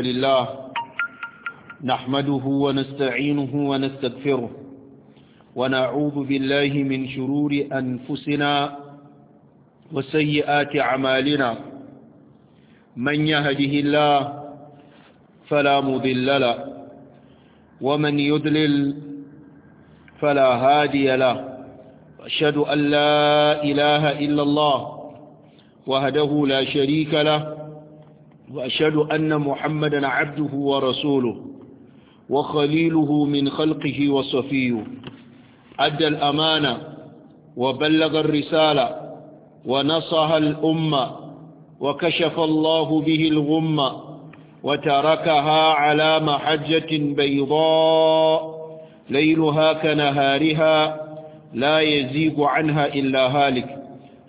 لله نحمده ونستعينه ونستغفره ونعوذ بالله من شرور أنفسنا وسيئات أعمالنا من يهده الله فلا مضل له ومن يدلل فلا هادي له وأشهد أن لا إله إلا الله وهده لا شريك له وأشهد أن محمدا عبده ورسوله وخليله من خلقه وصفيه أدى الأمانة وبلغ الرسالة ونصها الأمة وكشف الله به الغمة وتركها على محجة بيضاء ليلها كنهارها لا يزيغ عنها إلا هالك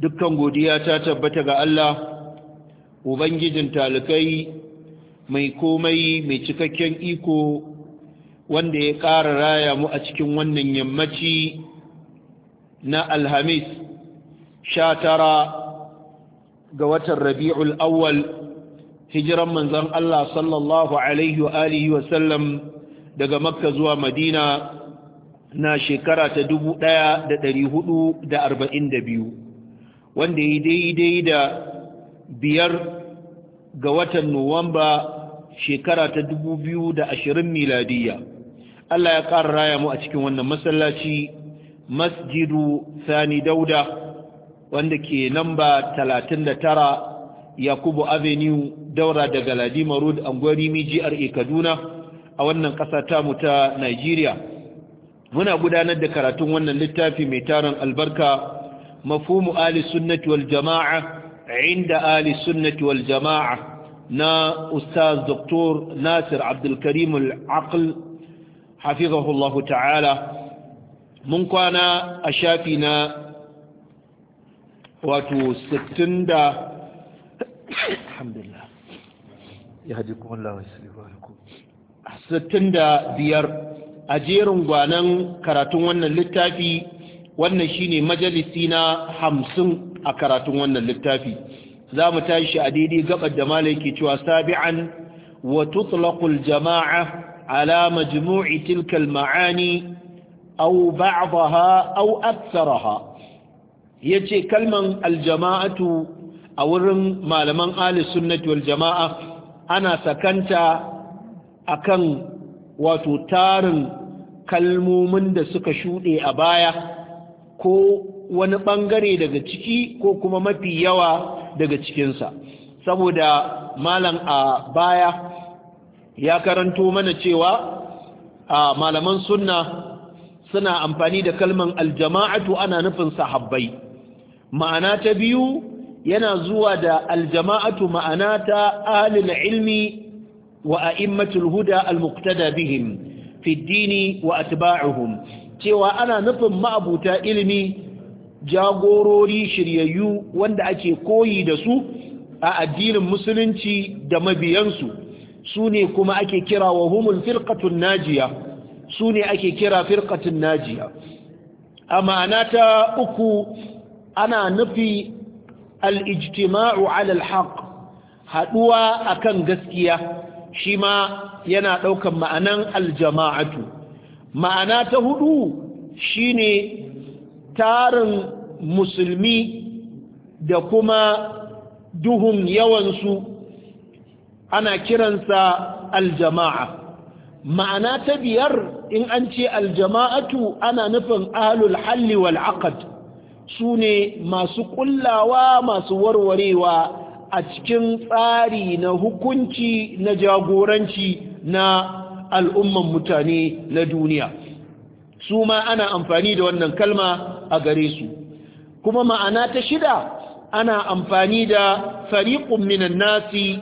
dukkan godiya ta tabbata ga Allah ubangijin talikai mai komai mai cikakken iko wanda ya ƙara raya mu a cikin wannan yammaci na alhamis sha tara ga watan rabi'ul awwal hijiran manzon Allah sallallahu alaihi wa alihi wa sallam daga makka zuwa madina na shekara ta dubu ɗaya da da da arba'in biyu. wanda ya yi daidai da biyar ga watan nuwamba shekara ta dubu biyu da ashirin miladiyya Allah ya ƙara raya mu a cikin wannan masallaci masjidu sani dauda wanda ke namba talatin da tara yakubu avenue daura daga ladima road angwari miji ra kaduna a wannan ƙasa tamu ta nigeria muna gudanar da karatun wannan littafi mai tarin albarka مفهوم آل السنة والجماعة عند آل السنة والجماعة نا أستاذ دكتور ناصر عبد الكريم العقل حفظه الله تعالى من كان أشافنا واتو ستن دا الحمد لله يهديكم الله ويسلمكم ستن دا بيار أجير وانا كراتون التافي wannan shine majalisi na hamsin a karatun wannan littafi za mu tashi a daidai gabar da malai ke cewa sabi'an wa tutlaqul jama'a ala majmu'i tilka al-ma'ani aw ba'daha aw aktharaha yace kalman al-jama'atu a wurin malaman ahli sunnati wal jama'a ana sakanta akan wato tarin kalmomin da suka shuɗe a baya ko wani ɓangare daga ciki ko kuma mafi yawa daga cikinsa saboda malam a baya ya karanto mana cewa a malaman sunna suna amfani da kalman aljama'atu ana nufin sahabbai ma'ana ta biyu yana zuwa da aljama'atu ma'ana ta ahlul ilmi wa a'immatul huda al-muqtada bihim fi dini wa atba'uhum cewa ana nufin ma'abuta ilimi jagorori shiryayyu wanda ake koyi da su a addinin musulunci da mabiyansu su ne kuma ake kira wa humul firkatun najiya su ne ake kira firkatun najiya a ma'ana ta uku ana nufi al-ijtima'u Haq al-haqq akan gaskiya shi ma yana ɗaukan ma'anan aljama'atu. ma'ana ta hudu shine tarin musulmi da kuma duhun yawansu ana kiransa aljama'a ma'ana ta biyar in an ce aljama'atu ana nufin ahlul halli wal aqd su ne masu kullawa masu warwarewa a cikin tsari na hukunci na jagoranci na al'umman mutane na duniya su ma ana amfani da wannan kalma a gare su kuma ma'ana ta shida ana amfani da fariqun minan nasi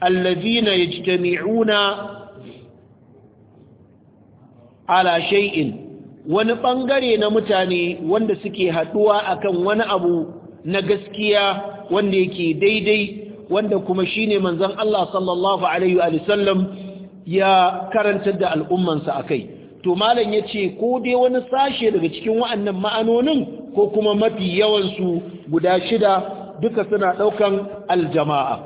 allazina yajtami'una ala shay'in wani ɓangare na mutane wanda suke haduwa akan wani abu na gaskiya wanda yake daidai wanda kuma shine manzon Allah sallallahu alaihi wa sallam ya karantar da al'ummansa a kai to malam ya ce ko dai wani sashe daga cikin wa'annan ma'anonin ko kuma mafi yawansu guda shida duka suna ɗaukan aljama'a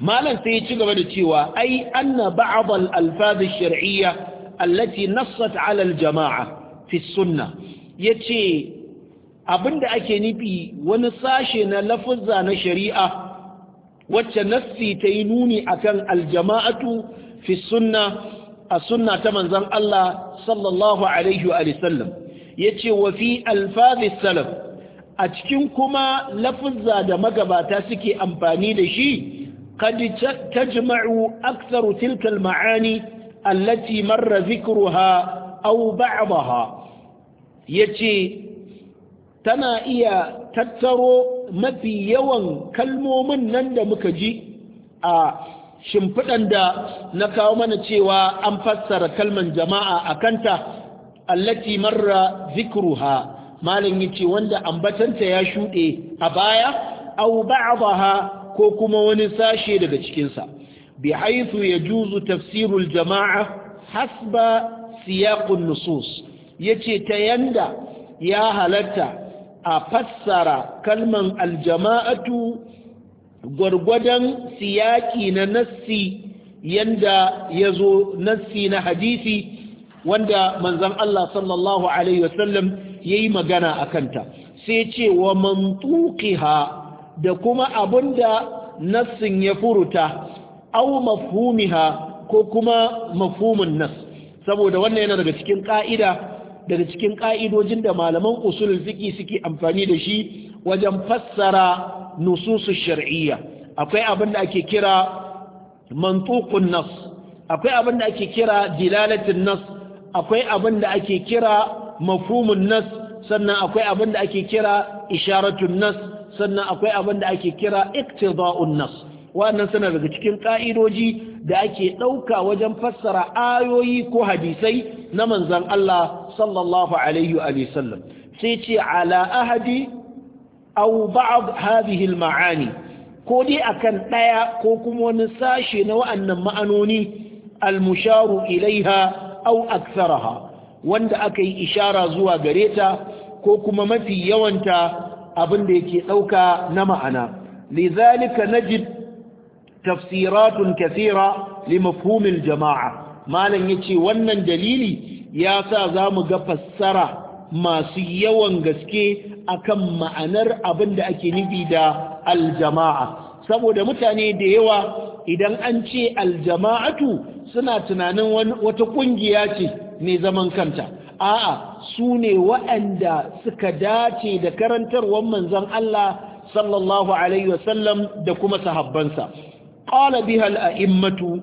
malam sai ya ci gaba da cewa ai anna ba'd al-alfaz ash-shar'iyya allati nassat 'ala al-jama'a fi sunnah yace abinda ake nufi wani sashe na lafuzza na shari'a wacce nassi ta yi nuni akan aljama'atu fi sunna a sunna ta manzan Allah sallallahu alaihi wa sallam yace wa fi alfazi salaf a cikin kuma lafuzza da magabata suke amfani da shi kad ta aktharu tilka al-ma'ani allati marra dhikruha aw ba'daha yace tana iya tattaro mafi yawan kalmomin nan da muka ji a shimfiɗan da na kawo mana cewa an fassara kalman jama'a a kanta allati marra zikruha malam yace wanda ambatanta ya shuɗe a baya aw ba'daha ko kuma wani sashe daga cikinsa bi haythu yajuzu tafsirul jama'a hasba siyaqun nusus yace ta yanda ya halatta a fassara kalman aljama'atu gwargwadon siyaki na nassi yanda ya zo nassi na hadisi wanda manzan Allah sallallahu Alaihi wasallam ya yi magana a kanta sai ce wa mantukiha da kuma abinda nassin ya furuta au mafhumiha ko kuma mafhumin nas saboda wannan yana daga cikin ka'ida daga cikin ƙa'idojin da malaman usulun ziki suke amfani da shi wajen fassara nususu shar'iyya akwai abin da ake kira mantuqun nas akwai abin da ake kira dilalatin nas akwai abin da ake kira mafhumun nas sannan akwai abin da ake kira isharatun nas sannan akwai abin da ake kira iktida'un nas wannan suna daga cikin ka'idoji da ake ɗauka wajen fassara ayoyi ko hadisai na manzan Allah sallallahu alaihi wa sallam sai ce ala ahadi aw ba'd hadhihi al-ma'ani ko dai akan daya ko kuma wani sashe na wa'annan ma'anoni al-musharu ilaiha au aktharaha wanda aka yi ishara zuwa gareta ko kuma mafi yawanta abin da yake dauka na ma'ana lidhalika Najib tafsiratun kathira limafhumil jama'a malan yace wannan dalili ya sa zamu ga fassara masu yawan gaske akan ma'anar abin da ake nufi da aljama'a saboda mutane da yawa idan an ce aljama'atu suna tunanin wata ƙungiya ce mai zaman kanta a'a su ne waɗanda suka dace da karantarwar manzon Allah sallallahu alaihi wasallam da kuma sahabbansa qala biha al-a'immatu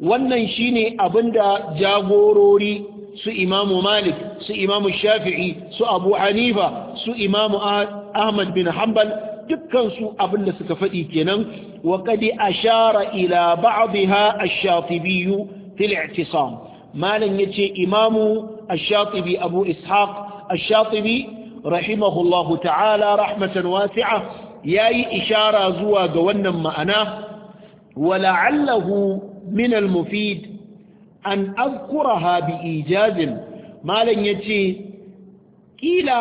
wannan shine abinda jagorori su imamu malik su imamu shafi'i su abu hanifa su imamu ahmad bin hanbal dukkansu abinda da suka faɗi kenan wa kadi ashara ila ba'dha ash-shatibi fi al yace imamu ash abu ishaq ash-shatibi rahimahullahu ta'ala rahmatan wasi'a yayi ishara zuwa ga wannan ma'ana wa la'allahu min al-mufid an azkuraha bi ijazin malam yace Ƙila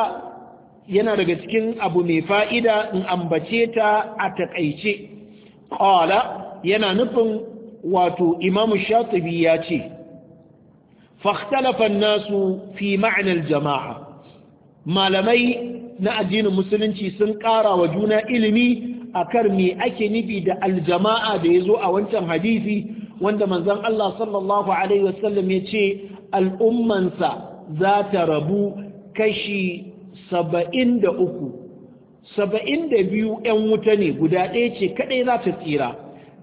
yana daga cikin abu mai fa'ida in ambace ta a takaice Ƙwala yana nufin wato imamu Shatabi ya ce fahtalafa nasu fi ma'anar jama'a malamai na addinin musulunci sun ƙara wa juna ilimi a kar me ake nufi da aljama'a da ya zo a wancan hadisi wanda manzon Allah sallallahu alaihi wasallam ya ce al'ummansa za ta rabu kashi saba'in da uku saba'in da biyu 'yan wuta ne guda ɗaya ce kaɗai za ta tsira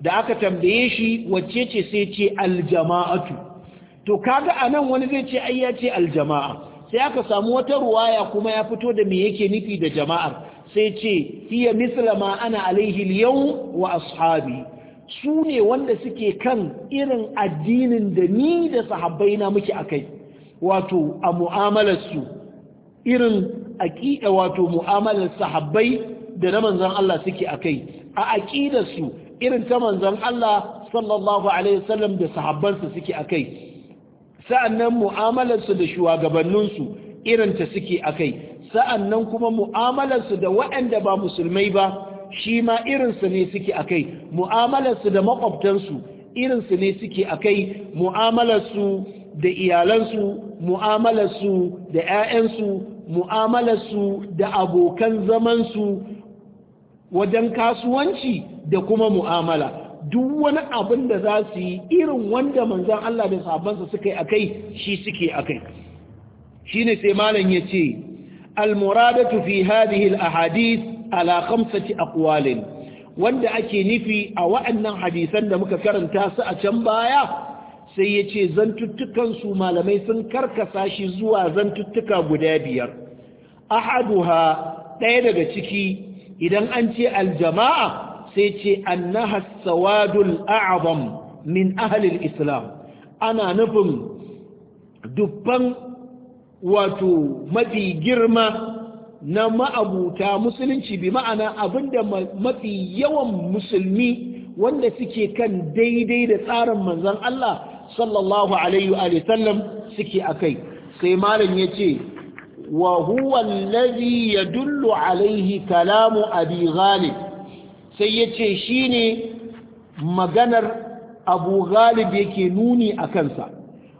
da aka tambaye shi wacce ce sai ce aljama'atu to kaga a nan wani zai ce ai ce aljama'a sai aka samu wata ruwaya kuma ya fito da me yake nufi da jama'ar sai ce hiya misalama ana alaihi liyau wa ashabi su ne wanda suke kan irin addinin da ni da sahabbai na muke akai wato a mu'amalarsu irin aƙida wato mu'amalar sahabbai da na manzon Allah suke akai a aƙidarsu irin ta manzon Allah sallallahu alaihi wasallam da sahabbansa suke akai sa'annan mu'amalarsu da shugabanninsu irin ta suke akai sa'annan kuma mu'amalarsu da waɗanda ba musulmai ba shi ma irinsu ne suke a kai mu'amalarsu da maƙwabtansu irinsu ne suke a kai mu'amalarsu da iyalansu mu'amalarsu da 'ya'yansu mu'amalarsu da abokan zamansu wajen kasuwanci da kuma mu'amala duk wani abin da za su yi irin wanda manzan Allah da sabansa suka yi a kai shi suke a kai shi ne sai malam ya ce al muradatu fi al ahadith ala khamsati aqwalin wanda ake nufi a wa'annan hadisan da muka karanta su a can baya sai ya ce zantuttukan su malamai sun karkasa shi zuwa zantuttuka guda biyar ahaduha ɗaya daga ciki idan an ce aljama'a sai ce annaha sawadul a'zam min ahlil islam ana nufin dubban wato mafi girma na ma'abuta musulunci bi ma'ana abinda mafi yawan musulmi wanda suke kan daidai da tsarin manzon Allah sallallahu alaihi wa sallam suke akai sai malam yace wa huwa alladhi yadullu alaihi kalamu abi ghalib sai yace shine maganar abu ghalib yake nuni a kansa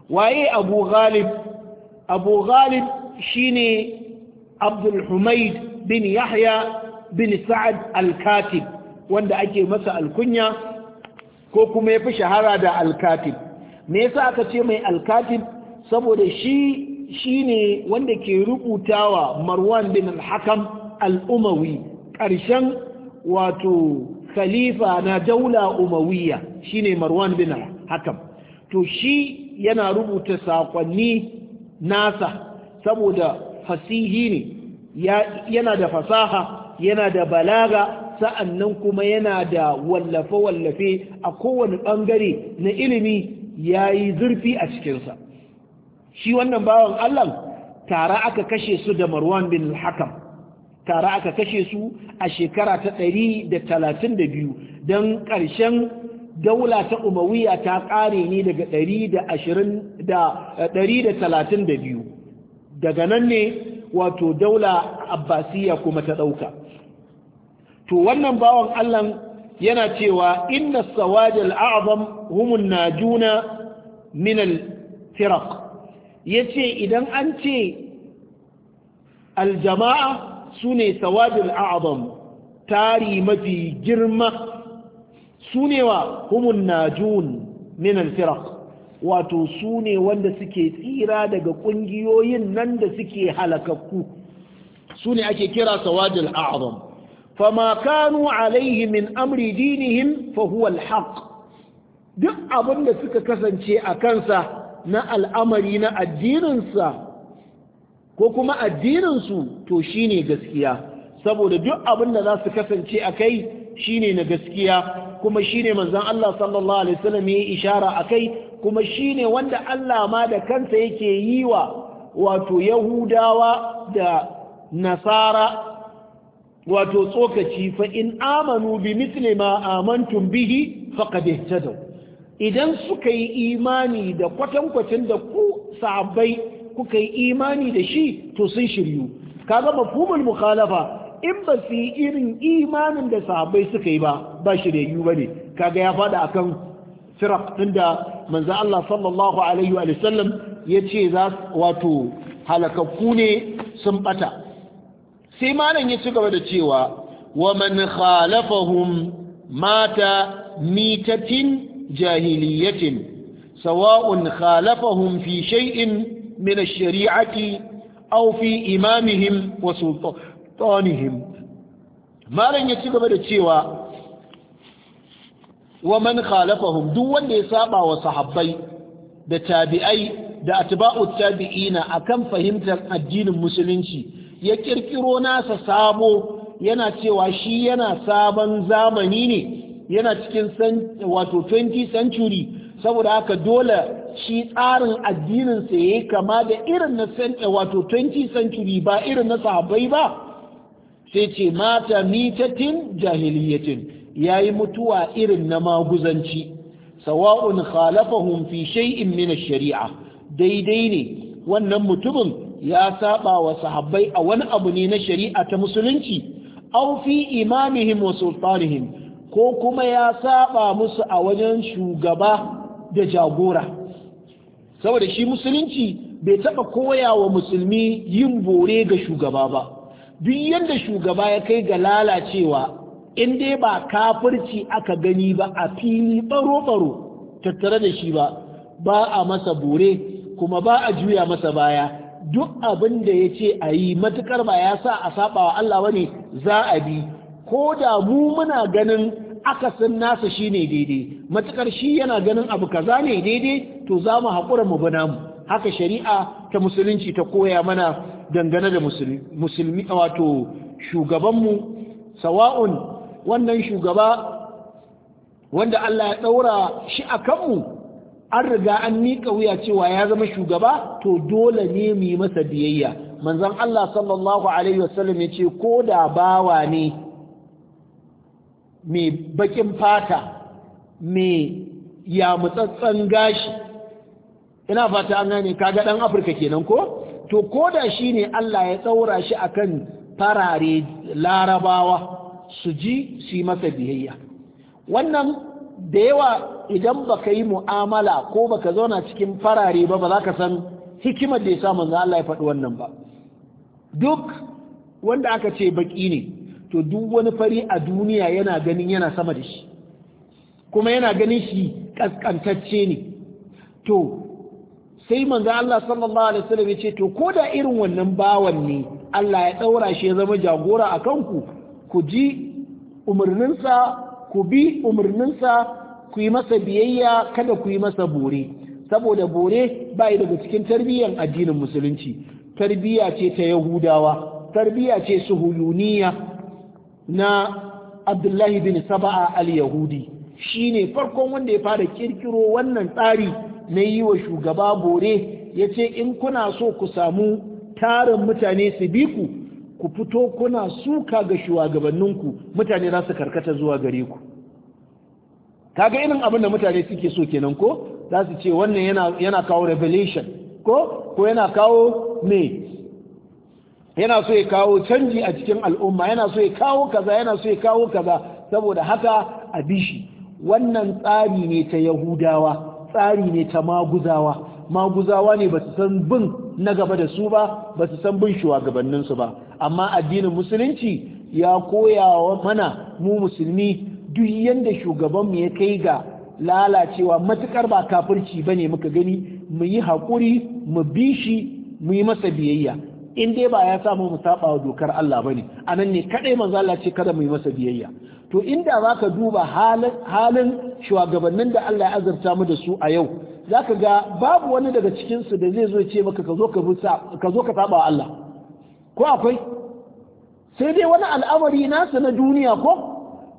waye abu ghalib abu ghalib shine Abdulhumaid bin yahya bin sa'ad al wanda ake masa alkunya ko kuma ya fi shahara da al me yasa aka ce mai al saboda shi shine wanda ke rubutawa marwan bin al-hakam al-umawi ƙarshen wato khalifa na daula umawiya shine marwan bin al-hakam to shi yana rubuta saƙonni nasa saboda fasihi ne yana da fasaha yana da balaga sa'annan kuma yana da wallafe-wallafe a kowane ɓangare na ilimi ya yi zurfi a cikinsa shi wannan bawan allah tara aka kashe su da marwan bin hakam tara aka kashe su a shekara ta ɗari da talatin da biyu don ƙarshen daula ta umawiya ta ƙare ne daga ɗari da ashirin da ɗari da talatin da biyu daga nan ne wato daula abbasiya kuma ta ɗauka to wannan bawan allah yana cewa inna sawajal a'zam humun juna minal firak. Ya yace idan an ce aljama'a sune sawajal a'zam tari mafi girma wa humun na jun minal firak. wato su ne wanda suke tsira daga ƙungiyoyin nan da suke halakakku su ne ake kira sawadul a'zam fama kanu alaihi min amri dinihim fa huwa alhaq duk abin da suka kasance a kansa na al'amari na addininsa ko kuma addininsu to shine gaskiya saboda duk abin da za su kasance a kai shine na gaskiya kuma ne manzon Allah sallallahu alaihi wasallam ya ishara akai kuma shi ne wanda Allah ma da kansa yake yi wa wato yahudawa da nasara wato tsokaci fa in amanu bi mithli ma amantum bihi faqad ihtadaw idan suka yi imani da kwatankwacin da ku sahabbai kuka yi imani da shi to sun shiryu kaga mafhumul mukhalafa in ba su yi irin imanin da sahabbai suka yi ba ba shiryayyu bane kaga ya fada akan siraf inda da manzo Allah sallallahu alaihi wa sallam ya ce za wato halakakku ne sun bata sai malam ya ci gaba da cewa wa man khalafahum mata mitatin jahiliyatin sawa'un khalafahum fi shay'in min ash-shari'ati aw fi imamihim wa sultanihim malam ya ci gaba da cewa wa man khalafahum duk wanda ya saba wa sahabbai da tabi'ai da atba'u tabi'ina akan fahimtar addinin musulunci ya kirkiro nasa sabo yana cewa shi yana sabon zamani ne yana cikin wato 20 century saboda haka dole shi tsarin addininsa ya yi kama da irin na wato 20 century ba irin na sahabbai ba sai ce mata mitatin jahiliyatin ya yi mutuwa irin na maguzanci sawa'un khalafahum fi shay'in min sharia daidai ne wannan mutumin ya saba wa sahabbai a wani abu ne na shari'a ta musulunci aw fi imamihim wa sultanihim ko kuma ya saba musu a wajen shugaba da jagora saboda shi musulunci bai taba koya wa musulmi yin bore ga shugaba ba duk yadda shugaba ya kai ga lalacewa in dai ba kafirci aka gani ba a fili baro-baro tattare da shi ba ba a masa bore kuma ba a juya masa baya duk abin da ya ce a yi matukar ba ya sa a saba wa Allah wani za a bi ko da mu muna ganin aka akasin nasa shi ne daidai matukar shi yana ganin abu kaza ne daidai to za mu haƙura mu bi namu haka shari'a ta musulunci ta koya mana dangane da musulmi wato shugabanmu sawa'un wannan shugaba wanda Allah ya ɗaura shi a kanmu an riga an miƙa wuya cewa ya zama shugaba to dole ne mu yi masa biyayya manzon Allah sallallahu alaihi wasallam ya ce ko da bawa ne mai bakin fata mai yamutsatsen gashi ina fata an gane kaga dan Afirka kenan ko to ko da shine Allah ya ɗaura shi akan farare larabawa su ji su yi masa biyayya wannan da yawa idan baka yi mu'amala ko baka zauna cikin farare ba ba za ka san hikimar da ya sa manzo Allah ya faɗi wannan ba duk wanda aka ce baƙi ne to duk wani fari a duniya yana ganin yana sama da shi kuma yana ganin shi kaskantacce ne to sai manzo Allah sallallahu alaihi wasallam ya ce to koda irin wannan bawan ne Allah ya ɗaura shi ya zama jagora a kanku ku ji umarninsa ku bi umarninsa ku yi masa biyayya kada ku yi masa bore saboda bore ba yi daga cikin tarbiyyar addinin musulunci tarbiyya ce ta yahudawa tarbiyya ce suhuyuniya na abdullahi bin saba'a al-yahudi Shi ne farkon wanda ya fara kirkiro wannan tsari na yi wa shugaba bore ya ce in kuna so ku samu tarin mutane su bi ku ku fito kuna suka ga shugabanninku mutane za su karkata zuwa gare ku kaga irin abin da mutane suke so kenan ko za su ce wannan yana kawo revelation ko ko yana kawo me yana so ya kawo canji a cikin al'umma yana so ya kawo kaza yana so ya kawo kaza saboda haka a bishi wannan tsari ne ta yahudawa tsari ne ta maguzawa maguzawa ne ba su san bin na gaba da su ba ba su san bin shugabanninsu ba amma addinin musulunci ya koya wa mana mu musulmi duk yanda shugabanmu ya kai ga lalacewa matukar ba kafirci bane muka gani mu yi haƙuri mu bi shi mu yi masa biyayya in dai ba ya samu mu saba wa dokar Allah bane anan ne kadai manzo Allah ce kada mu yi masa biyayya to inda zaka duba halin halin shugabannin da Allah ya azurta mu da su a yau zaka ga babu wani daga cikin su da zai zo ce maka ka zo ka bi ka zo ka saba wa Allah ko akwai sai dai wani al'amari nasu na duniya ko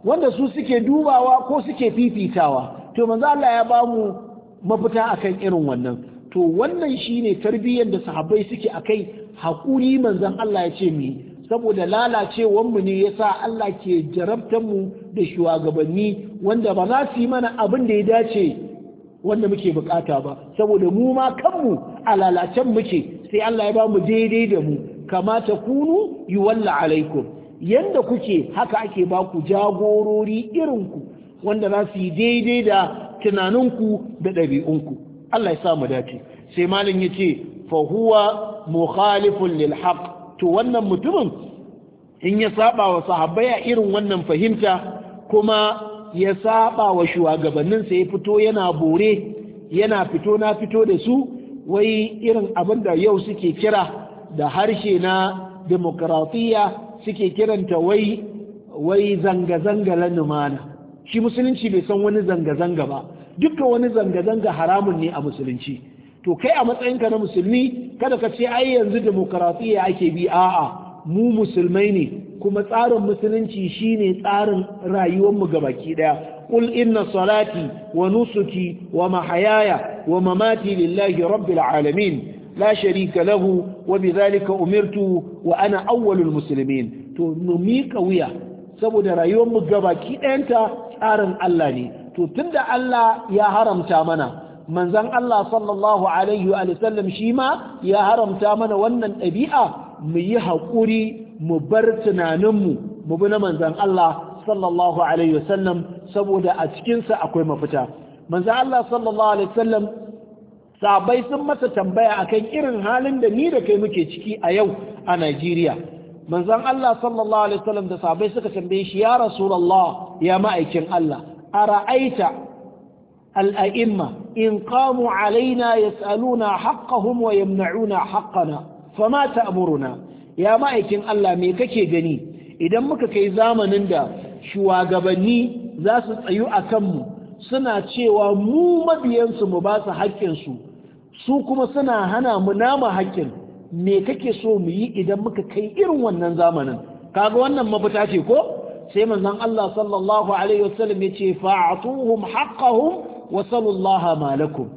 wanda su suke dubawa ko suke fifitawa to manzo Allah ya bamu mafita akan irin wannan to wannan shine tarbiyyar da sahabbai suke akai haƙuri manzan Allah ya ce mu yi saboda lalacewanmu ne yasa Allah ke mu da shugabanni wanda ba za su yi mana abin da ya dace wanda muke bukata ba saboda mu ma kanmu a lalacen muke sai Allah ya ba mu daidai da mu kamata kunu yi walla alaikum yanda kuke haka ake ba ku jagorori ku wanda za su yi daidai da tunaninku da ɗabi'unku Allah ya sa mu dace sai malam ya ce fa huwa mukhalifun lil haqq to wannan mutumin in ya saba wa sahabbai a irin wannan fahimta kuma ya saba wa shugabanninsa ya fito yana bore yana fito na fito da su wai irin abin da yau suke kira da harshe na demokratiya suke kiranta wai wai zanga-zanga la shi musulunci bai san wani zanga-zanga ba dukkan wani zanga-zanga haramun ne a musulunci to kai a matsayinka na musulmi kada ka ce ai yanzu demokaratiya ake bi a'a mu musulmai ne kuma tsarin musulunci shine tsarin rayuwarmu gabaki daya qul inna salati wa nusuki wa mahayaya wa mamati lillahi rabbil alamin la sharika lahu wa bidhalika umirtu wa ana awwalul muslimin to mu mika wuya saboda rayuwarmu gabaki dayanta tsarin Allah ne to tunda Allah ya haramta mana manzan Allah sallallahu alaihi shi ma ya haramta mana wannan ɗabi'a mu yi haƙuri mu bar tunaninmu mu bi na manzan Allah sallallahu alaihi saboda a cikinsa akwai mafita manzan Allah sallallahu alaihi sabai sun masa tambaya akan irin halin da ni da kai muke ciki a yau a Najeriya manzan Allah sallallahu alaihi da sabai suka tambaye shi ya rasulullah ya ma'aikin Allah a ra'aita. الأئمة إن قاموا علينا يسألون حقهم ويمنعون حقنا فما تأمرنا يا مائكين الله ميككي جني إذا مككي زامن دا شواغبني za su tsayu a kanmu suna cewa mu mabiyansu mu ba su haƙƙinsu su kuma suna hana mu nama haƙƙin me kake so mu yi idan muka kai irin wannan zamanin kaga wannan mafita ce ko sai manzon Allah sallallahu alaihi wasallam yace wa sallallaha malakum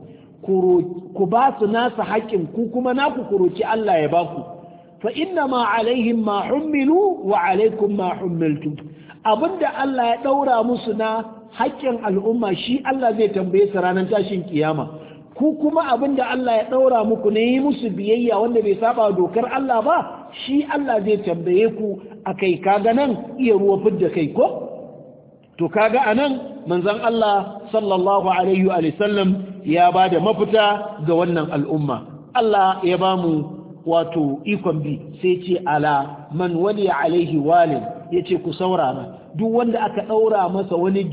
ku ba su nasu haƙƙin ku kuma naku kuroci Allah ya baku fa inna ma alaihim ma hummilu wa alaikum ma hummiltum abinda Allah ya daura musu na hakkin al'umma shi Allah zai tambaye su ranar tashin kiyama ku kuma abinda Allah ya daura muku ne yi musu biyayya wanda bai saba dokar Allah ba shi Allah zai tambaye ku akai kaga nan iya ruwa fidda kai ko to kaga anan manzon Allah sallallahu alaihi wa sallam ya bada mafita ga wannan al'umma Allah ya bamu wato ikon bi sai ce ala man wali alaihi walin yace ku saurara duk wanda aka daura masa wani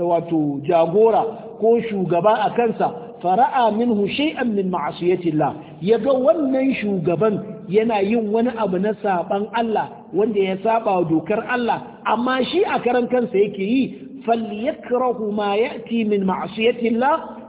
wato jagora ko shugaba a kansa fara'a minhu shay'an min ma'asiyatillah yaga wannan shugaban yana yin wani abu na saban Allah wanda ya saba wa dokar Allah amma shi a karan kansa yake yi falyakrahu ma ya'ti min ma'siyati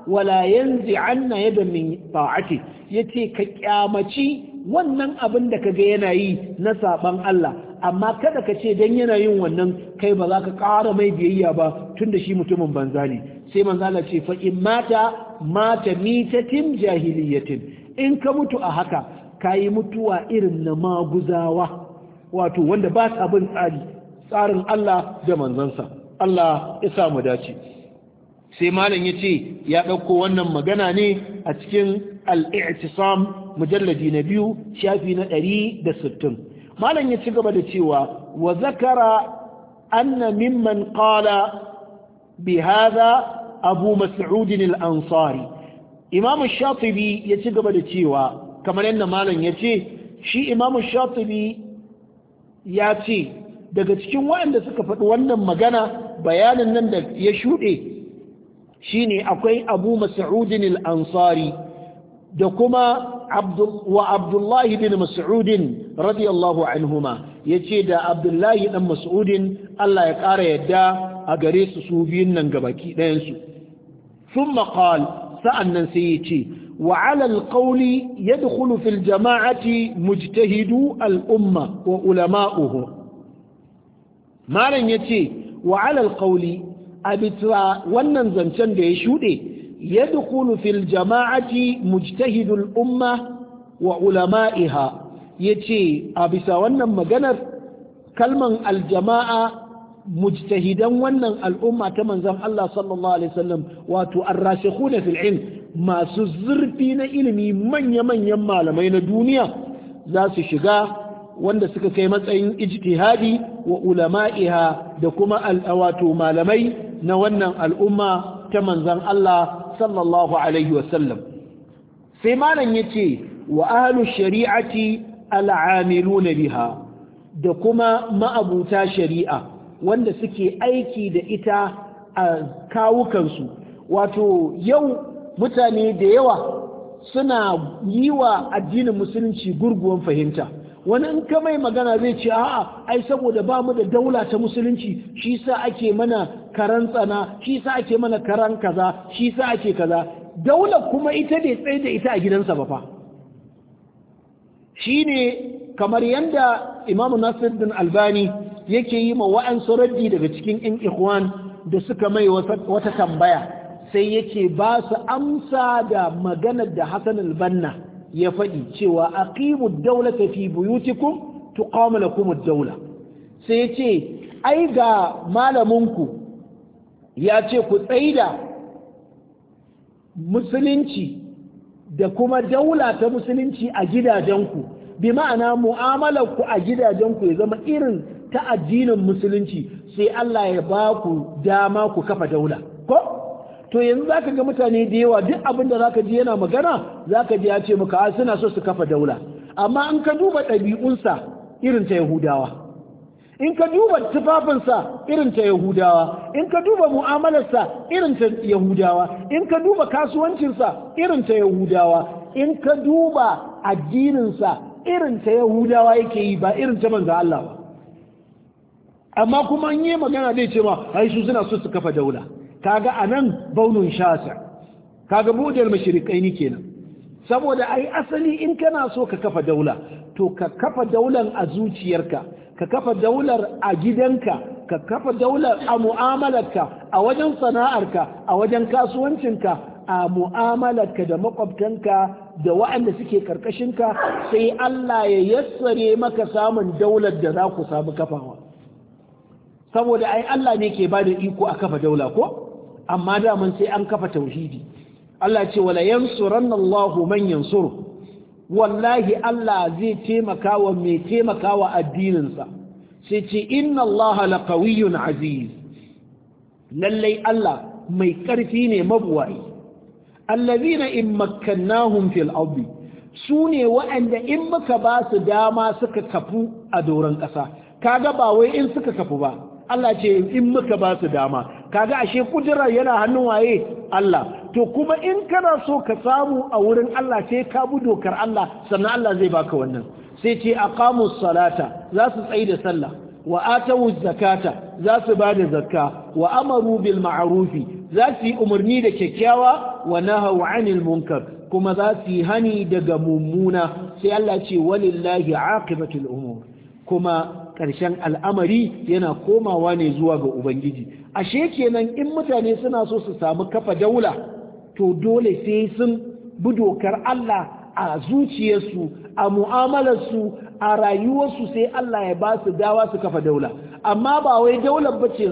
wala yanzi anna yada min ta'ati yace ka kyamaci wannan abin da kaga yana yi na saban Allah amma kada ka ce dan yana yin wannan kai ba za ka ƙara mai biyayya ba tunda shi mutumin banza ne sai manzo Allah ce fa in mata mata mitatin jahiliyatin in ka mutu a haka kayi mutuwa irin na maguzawa wato wanda ba sa abin tsari tsarin Allah da manzansa Allah ya sa mu dace sai malam yace ya ɗauko wannan magana ne a cikin al-i'tisam mujalladi na biyu shafi na ɗari da sittin. malam ya ci gaba da cewa wa zakara anna mimman qala bi hadha abu mas'ud al'ansari. ansari imam shatibi ya ci gaba da cewa kamar yadda malam yace shi imam ash-shatibi ya ce daga cikin waɗanda suka faɗi wannan magana bayanin nan da ya shuɗe shine akwai abu mas'udin al-ansari da kuma wa abdullahi bin mas'udin radiyallahu anhuma yace da abdullahi ɗan mas'udin Allah ya ƙara yadda a gare su su biyun nan gabaki ɗayansu sun maƙal sa'an nan sai ya ce وعلى القول يدخل في الجماعة مجتهد الأمة وعلماؤه ما لن يتي وعلى القول أبترى ونن زنشن بيشوده يدخل في الجماعة مجتهد الأمة وعلمائها يتي أبسى ونن مجنر كلمة الجماعة mujtahidan wannan al'umma ta manzon Allah sallallahu alaihi wasallam wato ar-rasikhuna fil ilm masu zurfi na ilimi manya-manyan malamai na duniya za su shiga wanda suka kai matsayin ijtihadi wa ulama'iha da kuma al'awato malamai na wannan al'umma ta manzan Allah sallallahu alaihi wasallam sai malam ce wa ahlu shari'ati na biha da kuma ma'abuta shari'a wanda suke aiki da ita a kawukansu wato yau mutane da yawa suna yi wa addinin musulunci gurguwan fahimta wani in ka mai magana zai ce a'a ai saboda ba mu da daula ta musulunci shi sa ake mana karan tsana shi sa ake mana karan kaza shi sa ake kaza Daula kuma ita bai tsaye da ita a gidansa ba fa shi ne kamar yadda imam bin albani yake yi ma wa'ansu raddi daga cikin in ikhwan da suka mai wata tambaya sai yake ba su amsa da maganar da Hassan al-Banna ya faɗi cewa aqimud dawlata fi buyutikum tuqamu lakum ad-dawla sai yace ai ga malaminku ya ce ku tsaida musulunci da kuma daula ta musulunci a gidajenku bi ma'ana mu'amalarku a gidajenku ya zama irin ta addinin musulunci sai Allah ya ba ku dama ku kafa daula to yanzu zaka ga mutane da yawa duk abin da ka ji yana magana zaka ji ya ce maka a suna so su kafa daula amma in ka duba ɗabi'unsa irin ta yahudawa in ka duba tufafinsa irin ta yahudawa in ka duba mu'amalarsa irin ta yahudawa in ka duba kasuwancinsa irin ta yahudawa in ka duba addininsa irin ta yahudawa yake yi ba irin ta manzo Allah ba amma kuma in yi magana zai ce ma ai su suna so su kafa daula kaga anan baunin shasa kaga budar mashirikai ne kenan saboda ai asali in kana so ka kafa daula to ka kafa daular a zuciyarka ka kafa daular a gidanka ka kafa daular a mu'amalarka a wajen sana'arka a wajen kasuwancinka a mu'amalarka da makwabtanka da waɗanda suke karkashinka sai Allah ya yassare maka samun daular da za ku samu kafawa saboda ai Allah ne ke ba da iko a kafa daula ko amma daman sai an kafa tauhidi Allah ce wala yansuranna Allahu man yansuru wallahi Allah zai taimaka wa mai taimaka wa addininsa sai ce inna Allah laqawiyyun aziz lallai Allah mai karfi ne mabuwayi allazina in makkannahum fil ardi sune waɗanda in muka ba su dama suka kafu a doron ƙasa kaga ba wai in suka kafu ba Allah ce in muka ba su dama kaga ashe kudura yana hannun waye Allah to kuma in kana so ka samu a wurin Allah sai ka bi dokar Allah sannan Allah zai baka wannan sai ce aqamus salata za su tsayi da sallah wa atawu zakata za su ba da zakka wa amaru bil ma'ruf za su yi umarni da kyakkyawa wa nahawu anil munkar kuma za su yi hani daga mummuna sai Allah ce walillahi aqibatul umur kuma ƙarshen al'amari yana komawa ne zuwa ga ubangiji ashe kenan in mutane suna so su samu kafa daula to dole sai sun bi dokar Allah a zuciyarsu a mu'amalarsu a rayuwarsu sai Allah ya ba su dawa su kafa daula amma ba wai daular ce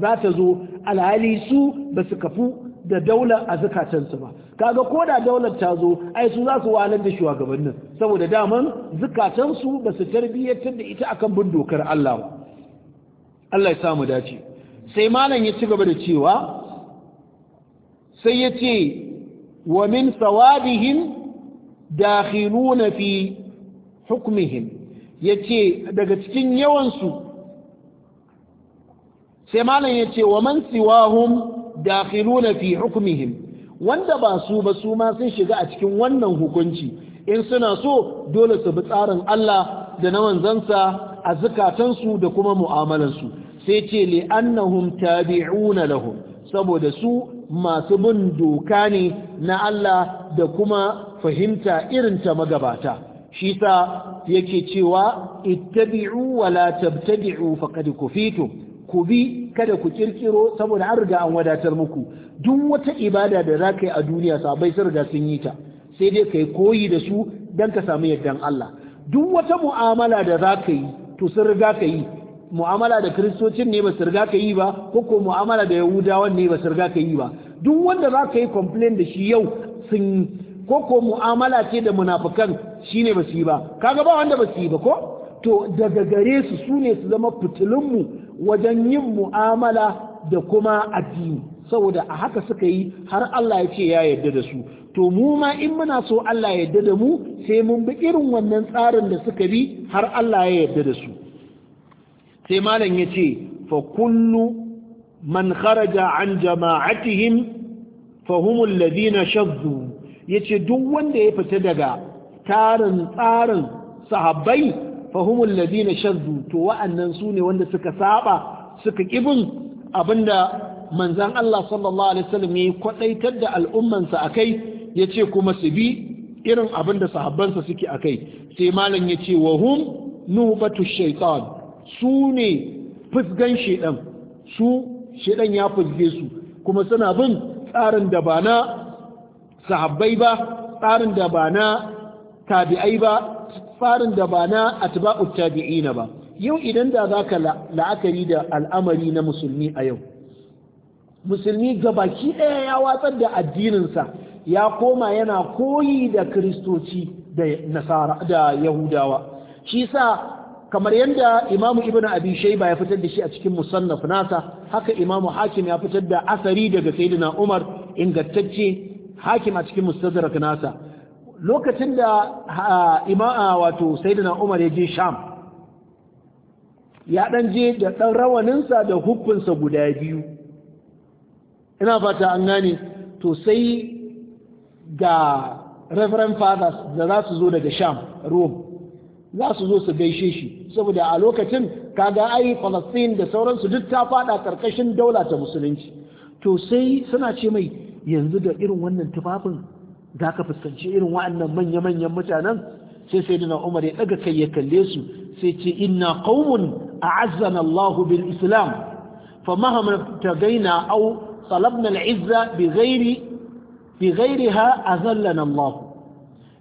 za ta zo alhali su ba su kafu da daula a zukatansu ba kaga ko da daular ta zo ai su za su walar da shugabannin saboda daman zukatansu ba su tarbiyyatar da ita akan bin dokar Allah ba Allah ya samu dace sai malam ya ci gaba da cewa sai ya ce wa min sawabihim dakhiluna fi hukmihim yace daga cikin yawansu sai malam ya ce wa man siwahum dakhiluna fi hukmihim wanda ba su ba su ma sun shiga a cikin wannan hukunci in suna so dole su bi tsarin Allah da na manzansa a zukatansu da kuma mu'amalansu sai ce li annahum tabi'una lahum saboda su masu bin doka ne na Allah da kuma fahimta irin ta magabata shi sa yake cewa ittabi'u wa la tabtadi'u faqad kufitum ku bi kada ku kirkiro saboda an riga an wadatar muku duk wata ibada da za ka yi a duniya sabai sun riga sun yi ta sai dai ka yi koyi da su don ka samu yardan Allah duk wata mu'amala da za ka yi to sun riga ka yi mu'amala da kiristocin ne ba su riga ka yi ba ko ko mu'amala da yahudawan ne ba su riga ka yi ba duk wanda za ka yi complain da shi yau sun ko ko mu'amala ce da munafukan shine ba su yi ba kaga ba wanda ba su yi ba ko to daga gare su su ne su zama fitilunmu wajen yin mu'amala da kuma addini saboda a haka suka yi har Allah ya ce ya yarda da su to mu ma in muna so Allah ya yarda da mu sai mun bi irin wannan tsarin da suka bi har Allah ya yarda da su sai malam ya ce fa kullu man kharaja an jama'atihim fa humul ladina shaddu yace duk wanda ya fita daga tarin tsarin sahabbai Fahimun ladina shazzu to wa'annan su ne wanda suka saba suka kibin abinda manzan Allah sallallahu alaihi wasallam ya kwadaitar da al'ummansa a ya yace kuma su bi irin abinda sahabbansa suke a kai. sai malam ce wa hum nubatu shaytan su ne fusgan shedan su shedan ya fusge su kuma suna bin tsarin da ba na sahabbai ba tsarin da ba na tabi'ai ba Farin da ba na atba'ut tabi'ina ba yau idan da zaka la'akari da al'amari na musulmi a yau musulmi ga baki ɗaya ya watsar da addininsa ya koma yana koyi da kiristoci da da yahudawa shi sa kamar yadda imamu ibn abi shayba ya fitar da shi a cikin musannaf nasa haka imamu hakim ya fitar da asari daga sayyidina umar ingantacce hakim a cikin mustadrak nasa lokacin da ima'a wato da umar ya je sham ya dan je da dan rawaninsa da hukunsa guda biyu ina fata an gane to sai ga reverend fathers da za su zo daga sham rome za su zo su gaishe shi saboda a lokacin kaga ai palestine da sauransu duk ta fada karkashin daula ta musulunci to sai suna ce mai yanzu da irin wannan tufafin za ka fuskanci irin wa'annan manya-manyan mutanen sai sai dina umar ya ɗaga kai ya kalle su sai ce inna qaumun a'azzana Allahu bil islam fa mahama ta gaina au al-izza bi ghairi bi ghairiha azallana Allah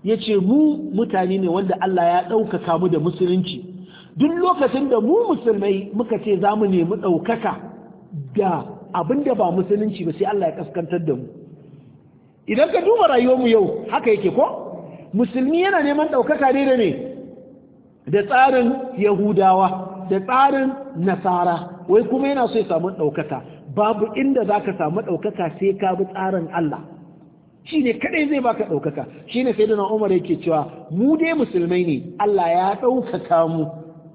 yace mu mutane ne wanda Allah ya ɗaukaka mu da musulunci duk lokacin da mu musulmai muka ce za mu nemi ɗaukaka da abinda ba musulunci ba sai Allah ya kaskantar da mu idan ka duba rayuwarmu yau haka yake ko musulmi yana neman ɗaukaka ne da ne da tsarin yahudawa da tsarin nasara wai kuma yana so ya samu ɗaukaka babu inda za ka samu ɗaukaka sai ka bi tsarin Allah shi ne kaɗai zai baka ɗaukaka shi ne sai umar yake cewa mu dai musulmai ne Allah ya ɗaukaka mu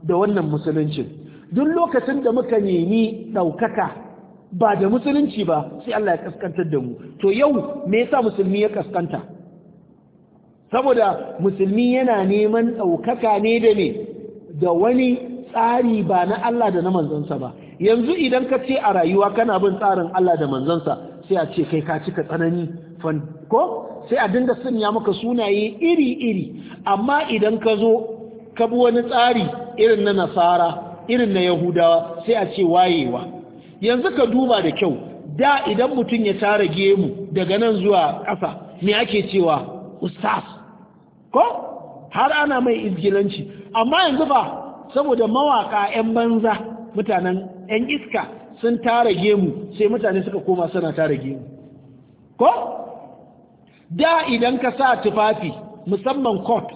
da wannan musuluncin duk lokacin da muka nemi ɗaukaka ba da musulunci ba sai Allah ya kaskantar da mu to yau me yasa musulmi ya kaskanta saboda musulmi yana neman ɗaukaka ne da ne da wani tsari ba na Allah da na manzansa ba yanzu idan ka ce a rayuwa kana bin tsarin Allah da manzansa sai a ce kai ka cika tsanani ko sai a dinga sanya maka sunaye iri-iri amma idan ka zo ka bi wani tsari irin na nasara irin na yahudawa sai a ce wayewa yanzu ka duba da kyau da idan mutum ya tara gemu daga nan zuwa ƙasa ne ake cewa ustaz ko har ana mai izgilanci amma yanzu ba saboda mawaka 'yan banza mutanen 'yan iska sun tara gemu sai mutane suka koma suna tara gemu ko da idan ka sa tufafi musamman court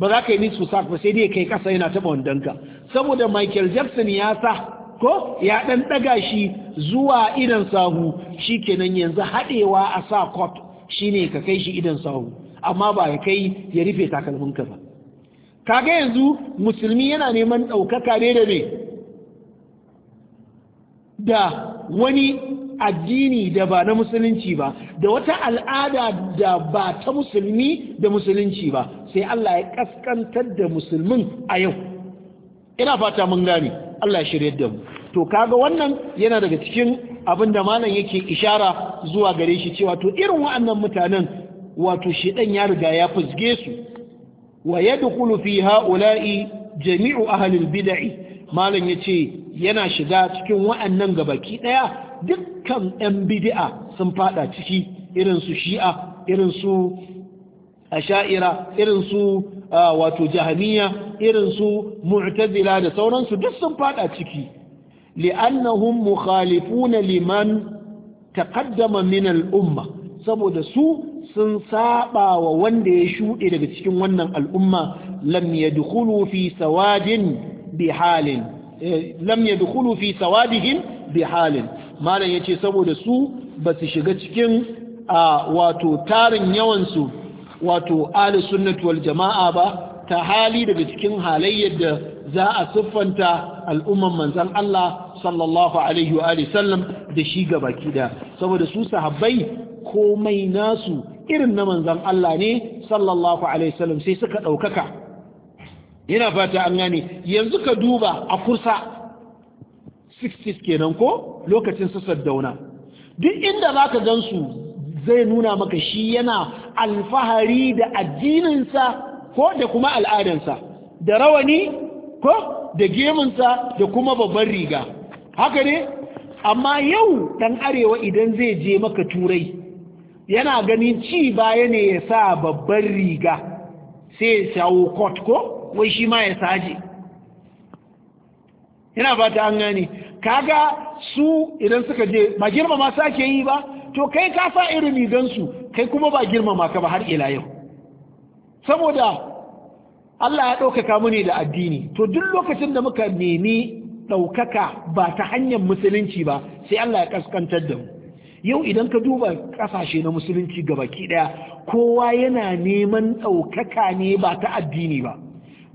ba za ka yi nisu ba sai dai kai ƙasa yana taba wandonka saboda michael jackson ya sa ko ya ɗan ɗaga shi zuwa idan sahu shi kenan yanzu haɗewa a sa kot ne ka kai shi idan sahu amma ba ya kai ya rufe takalminka ba kaga yanzu musulmi yana neman ɗaukaka ne da me da wani addini da ba na musulunci ba da wata al'ada da ba ta musulmi da musulunci ba sai Allah ya kaskantar da musulmin a yau ina fata mun gane Allah ya shirye da mu to kaga wannan yana daga cikin abin da malam yake ishara zuwa gare shi cewa to irin wa'annan mutanen wato shedan ya riga ya fusge su wa yadkhulu fi ha'ula'i jami'u ahli al-bid'i malam yace yana shiga cikin wa'annan gabaki daya dukkan ɗan bid'a sun fada ciki irin su shi'a irin su asha'ira irin su wato jahamiya irin su mu'tazila da sauransu duk sun fada ciki li'annahum mukhalifuna liman taqaddama min al-umma saboda su sun saba wa wanda ya shuɗe daga cikin wannan al'umma lam yadkhulu fi sawadin bihalin eh, lam yadkhulu fi sawadihim bihalin malam yace saboda su ba su shiga cikin wato tarin yawan su wato ahli sunnati wal jama'a ba ta hali daga cikin halayyar da za a siffanta al'umman manzan Allah sallallahu alaihi wa sallam da shi gabaki da saboda su sahabbai komai nasu irin na manzan Allah ne sallallahu alaihi sallam sai suka ɗaukaka yana fata an gane yanzu ka duba a kursa 60 kenan ko lokacin su saddauna duk inda za ka gan su zai nuna maka shi yana alfahari da addininsa ko da kuma al'adansa da rawani ko da gemunsa da kuma babban riga haka ne amma yau dan arewa idan zai je maka turai yana ganin ci baya ne ya sa babban riga sai ya shawo kot ko wai shi ma ya saje yana fata an Ka kaga su idan suka je ba girma ma sake yi ba to kai ka sa irin su kai kuma ba girmama ka ba har ila yau saboda Allah ya ɗaukaka muni da addini to duk lokacin da muka nemi ɗaukaka ba ta hanyar musulunci ba sai Allah ya kaskantar da mu yau idan ka duba ƙasashe na musulunci ga baki ɗaya kowa yana neman ɗaukaka ne ba ta addini ba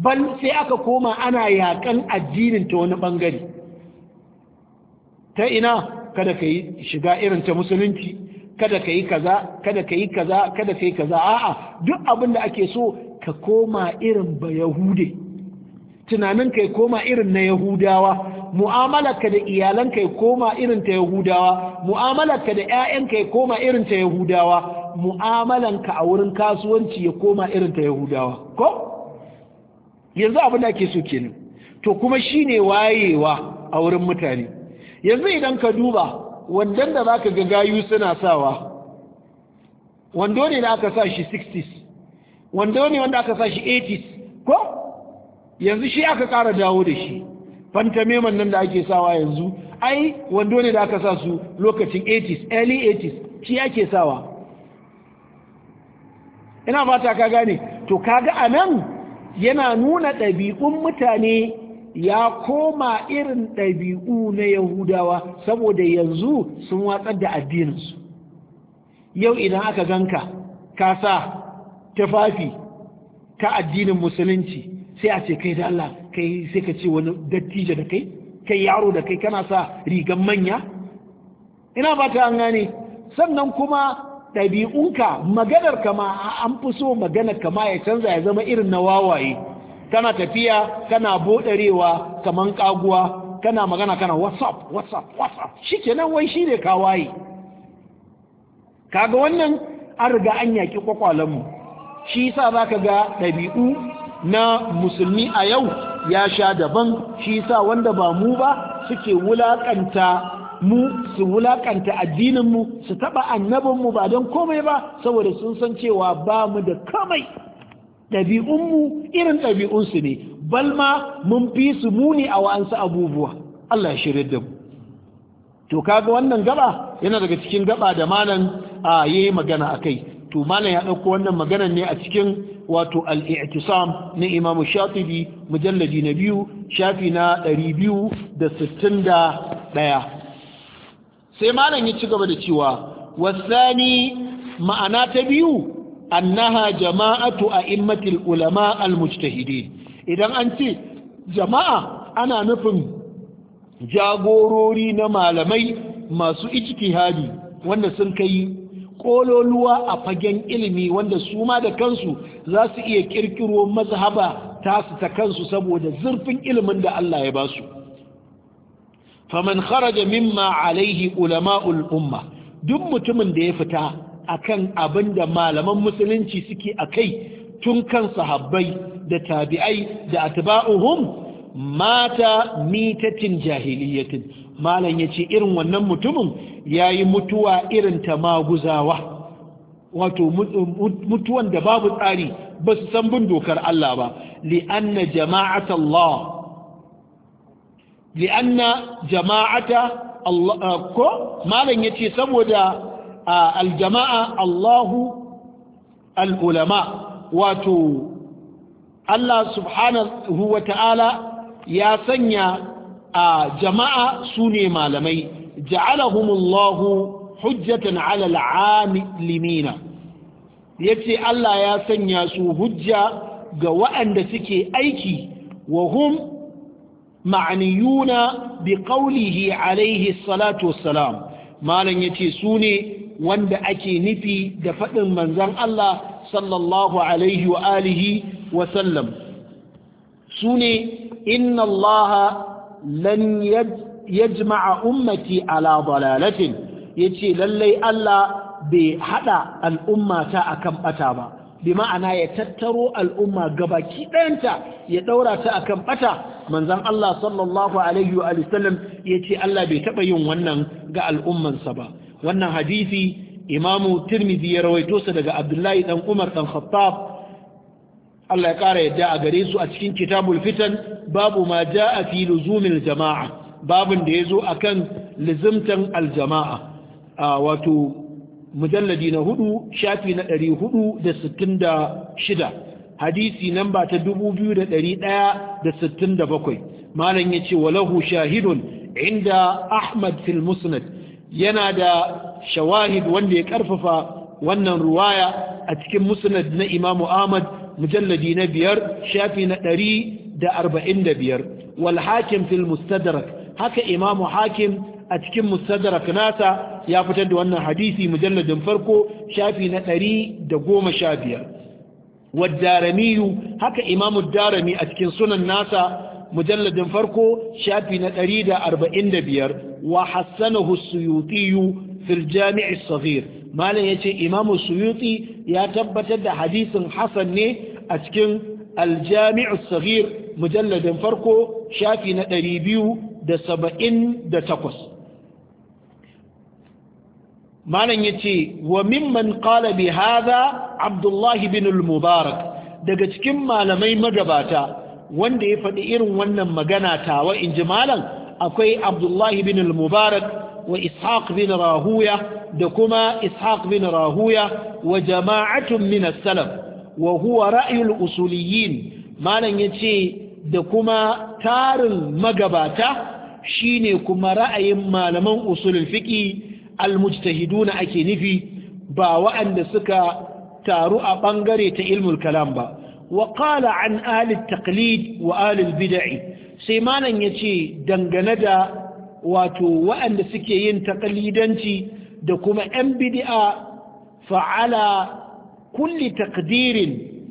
Ban sai aka koma ana yaƙan addinin ta wani ɓangare ta ina kada ka yi shiga irin ta musulunci kada ka yi kaza kada ka yi kaza kada ka yi kaza a'a duk abin da ake so ka koma irin ba yahude tunanin ka koma irin na yahudawa mu'amalarka da iyalanka ya koma irin ta yahudawa mu'amalarka da 'ya'yanka ya koma irin ta yahudawa ka a wurin kasuwanci ya koma irin ta yahudawa ko yanzu abin da ake so kenan to kuma shine wayewa a wurin mutane yanzu idan ka duba wandon da za ka ga gayu suna sawa wando ne da aka sa shi 60s wando ne wanda aka sa shi 80s ko yanzu shi aka kara dawo da shi fantameman nan da ake sawa yanzu ai wando ne da aka sa su lokacin 80s early 80s shi ake sawa ina fata ka gane to kaga anan yana nuna ɗabi'un mutane ya koma irin ɗabi'u na yahudawa saboda yanzu sun watsar da addininsu yau idan aka ganka ka sa ta addinin musulunci sai a ce kai da Allah kai sai ka ce wani dattijo da kai kai yaro da kai kana sa rigan manya ina ba ta an gane sannan kuma ɗabi'unka maganar kama an fi so maganar kama ya canza ya zama irin na wawaye kana tafiya kana buɗarewa kaman kaguwa kana magana kana whatsapp whatsapp whatsapp shikenan wai shine kawaye kaga wannan an riga an yaki mu shi za ka ga ɗabi'u na musulmi a yau ya sha daban shi sa wanda ba mu ba suke wulakanta mu su wulakanta addininmu su taɓa annabinmu ba don komai ba saboda sun san cewa ba mu da kamai ɗabi'unmu irin ɗabi'unsu ne balma mun fi su muni a wa'ansu abubuwa Allah ya shirya da mu to kaga wannan gaba yana daga cikin gaba da malan a yayi magana a kai. to malan ya ɗauko wannan magana ne a cikin wato al na Imam shafi mujalladi na biyu shafi na ɗari biyu da da sittin ɗaya. sai malan ya ci gaba da cewa wasani ma'ana ta biyu annaha jama'atu a immatil ulama al-mujtahidin idan an ce jama'a ana nufin jagorori na malamai masu ijtihadi wanda sun kai kololuwa a fagen ilimi wanda suma da kansu za su iya kirkiro mazhaba tasu ta kansu saboda zurfin ilimin da Allah ya basu faman kharaja mimma alaihi ulama'ul umma duk mutumin da ya fita akan abin da malaman musulunci suke a kai tun kan sahabbai da tabi'ai da atba'uhum mata mitatin jahiliyatin malam ya ce irin wannan mutumin ya yi mutuwa irin ta maguzawa wato mutuwan da babu tsari ba su san bin dokar Allah ba li'anna jama'ata Allah li'anna jama'ata Allah ko malam ya ce saboda aljama'a Allahu al'ulama wato Allah subhanahu wa ta'ala ya sanya a jama'a su ne malamai ja'alahumullahu hujjatan alal alimina ya ce Allah ya sanya su hujja ga waɗanda suke aiki wa hum ma'aniyuna bi ƙaulihi alaihi salatu wassalam malam ya ce su ne wanda ake nufi da faɗin manzan Allah sallallahu alaihi wa alihi wa sallam su ne inna Allah lan yajma'a ummati ala dalalatin yace lallai Allah bai hada al'ummata akan bata ba bi ma'ana ya tattaro al'umma gabaki ɗayanta ya ɗaura ta akan ɓata manzan Allah sallallahu Alaihi wa sallam ya ce Allah bai taɓa yin wannan ga al'ummansa ba wannan hadisi imamu tirmidhi ya rawaito sa daga abdullahi dan umar dan khattab Allah ya kara yadda a gare su a cikin kitabul fitan babu ma jaa fi luzumil jama'a babin da yazo akan luzumtan aljama'a wato mujalladi na hudu shafi na ɗari hudu da sittin da shida hadisi namba ta dubu biyu da ɗari ɗaya da sittin da bakwai malam ya ce walahu shahidun inda ahmad fil musnad yana da shawahid wanda ya karfafa wannan ruwaya a cikin musnad na imamu ahmad mujalladi na biyar shafi na ɗari da arba'in da biyar Walhakin fil mustadrak haka imamu hakim a cikin mustadrak nasa ya fitar da wannan hadisi mujalladin farko shafi na ɗari da goma sha biyar haka هكا Darami a cikin sunan nasa. mujalladin farko shafi na ɗari da da arba'in biyar wa hassanahu suyuti fil jami'i saghir malam yace imam suyuti ya tabbatar da hadisin hasan ne a cikin al jami'u saghir mujalladin farko shafi na 278 malam yace wa mimman qala bi hadha Abdullahi bin al mubarak daga cikin malamai magabata wanda ya faɗi irin wannan magana tawa in ji malam akwai abdullahi bin al-mubarak wa ishaq bin rahuya da kuma ishaq bin rahuya wa jama'atun min as-salaf wa huwa ra'yul usuliyyin malam yace da kuma tarin magabata shine kuma ra'ayin malaman usulul fiqi al-mujtahiduna ake nufi ba wa'anda suka taru a bangare ta ilmul kalam ba وقال عن آل التقليد وآل البدع سيمانا يتي دنغندا واتو وأن سكيين تقليدانتي دكما أن بدعا فعلى كل تقدير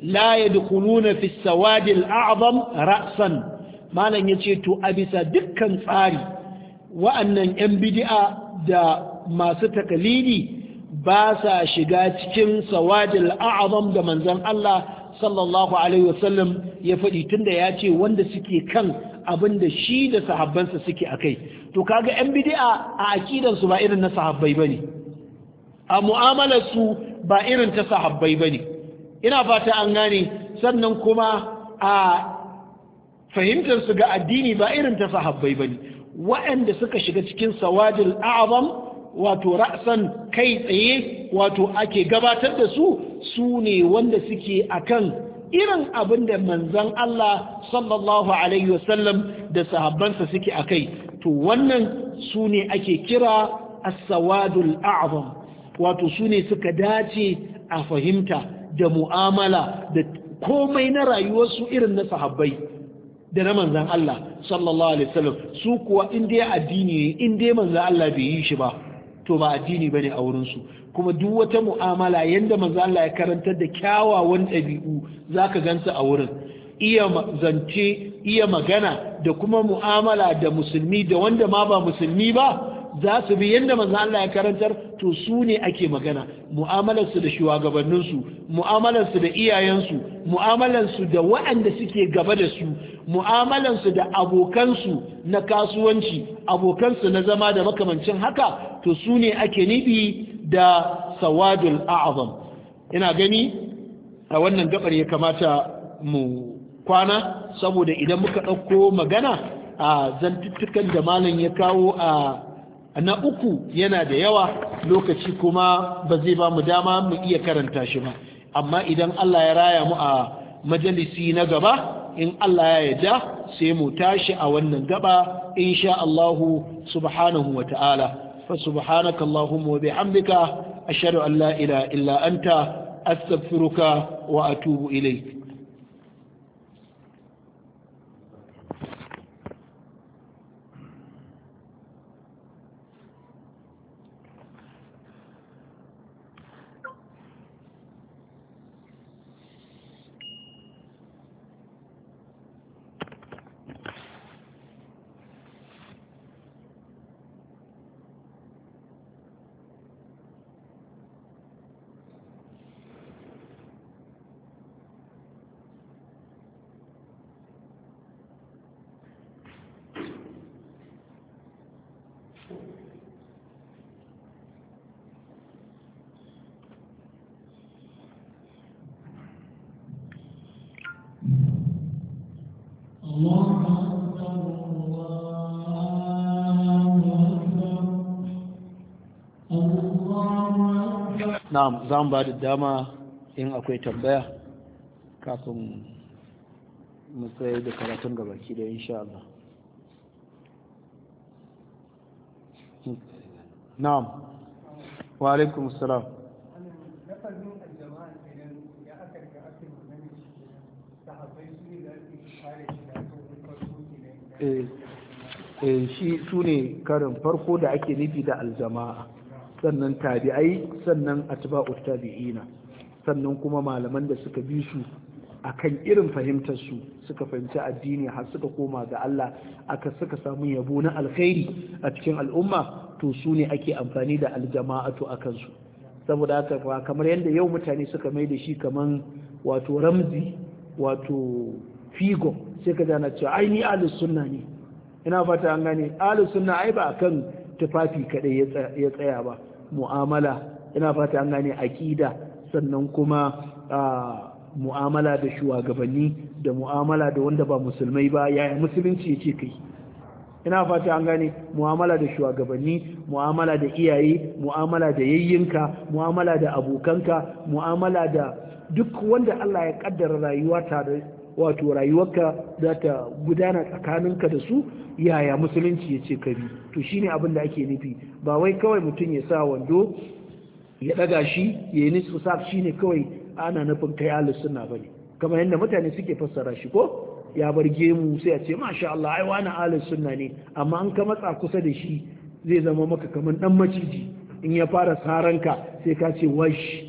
لا يدخلون في السواد الأعظم رأسا مالا يتي تؤبس دكا صاري وأن أن بدعا دا ما ستقليدي ba sa shiga cikin sawadil a'azam da manzon Allah sallallahu alaihi wasallam ya faɗi tunda ya ce wanda suke kan abin da shi da sahabbansa suke a kai to kaga yan bid'a a aƙidansu ba irin na sahabbai bane a su ba irin ta sahabbai bane ina fata an gane sannan kuma a fahimtarsu ga addini ba irin ta sahabbai bane waɗanda suka shiga cikin sawadil a'zam wato ra'san kai tsaye wato ake gabatar da su su ne wanda suke akan irin abin da manzan Allah sallallahu alaihi wasallam da sahabbansa suke a kai to wannan su ne ake kira as-sawadul a'zam wato su ne suka dace a fahimta da mu'amala da komai na rayuwarsu irin na sahabbai da na manzan Allah sallallahu alaihi wasallam su kuwa in dai addini in dai manzan Allah bai yi shi ba to ba addini bane a wurin su kuma duk wata mu'amala yanda manzo Allah ya karantar da kyawawan ɗabi'u zaka gansa a wurin iya zance iya magana da kuma mu'amala da musulmi da wanda ma ba musulmi ba za su bi yadda manzo Allah ya karantar to su ne ake magana mu'amalarsu da shugabanninsu mu'amalarsu da iyayensu mu'amalarsu da waɗanda suke gaba da su mu'amalarsu da abokansu na kasuwanci abokansu na zama da makamancin haka to su ne ake nibi da sawadul a'azam ina gani a wannan gabar ya kamata mu kwana saboda idan muka ɗauko magana a zantuttukan da malam ya kawo a na uku yana da yawa lokaci kuma ba zai ba mu dama mu iya karanta shi ba amma idan Allah ya raya mu a majalisi na gaba in Allah ya yarda sai mu tashi a wannan gaba insha Allah subhanahu wa ta'ala fa subhanaka allahumma wa bihamdika ashhadu an la ilaha illa anta astaghfiruka wa atubu ilayk na'am za mu ba da dama in akwai tambaya kafin mu tsaye da karatun gaba ki da insha Allah na'am wa alaikum assalam eh, eh, shi su ne karin farko da ake nufi da aljama'a sannan tabi'ai sannan atba'ut tabi'ina sannan kuma malaman da suka bi su akan irin fahimtar su suka fahimci addini har suka koma ga Allah aka suka samu yabo na alkhairi a cikin al'umma to su ne ake amfani da aljama'atu a kansu. saboda haka kamar yadda yau mutane suka mai da shi kaman wato ramzi wato figo sai ka gana cewa ai ni sunna ne ina fata an gane Ali sunna ai ba akan tufafi kadai ya tsaya ba mu'amala ina fata an gane aƙida sannan kuma mu'amala da shugabanni da mu'amala da wanda ba musulmai ba yaya musulunci yake kai ina fata an gane mu'amala da shugabanni mu'amala da iyaye mu'amala da yayyinka mu'amala da abokanka mu'amala da duk wanda Allah ya kaddara rayuwa tare wato rayuwarka za ta gudana tsakaninka da su yaya musulunci ya ce kabi to shine abin da ake nufi ba wai kawai mutum ya sa wando ya daga shi ya yi nisu sa shine kawai ana nufin kai ahlus sunna bane kamar yadda mutane suke fassara shi ko ya bar gemu sai a ce masha Allah ai wani ahlus sunna ne amma an ka matsa kusa da shi zai zama maka kamar dan maciji in ya fara saranka sai ka ce wash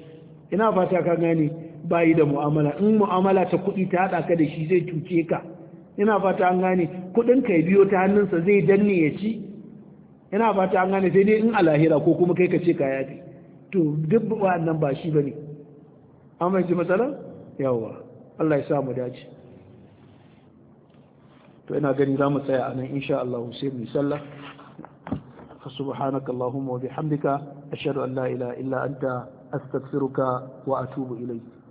ina fata ka gane bayi da mu'amala in mu'amala ta kuɗi ta haɗa ka da shi zai cuce ka ina fata an gane kuɗin ka biyo ta hannunsa zai danne ya ci ina fata an gane sai dai in alahira ko kuma kai ka ce ka yafi to duk wa'annan ba shi bane amma ji matsala yawa Allah ya sa mu dace to ina gani za mu tsaya a nan insha Allah sai mu sallah فسبحانك اللهم وبحمدك أشهد أن لا إله إلا أنت أستغفرك وأتوب إليك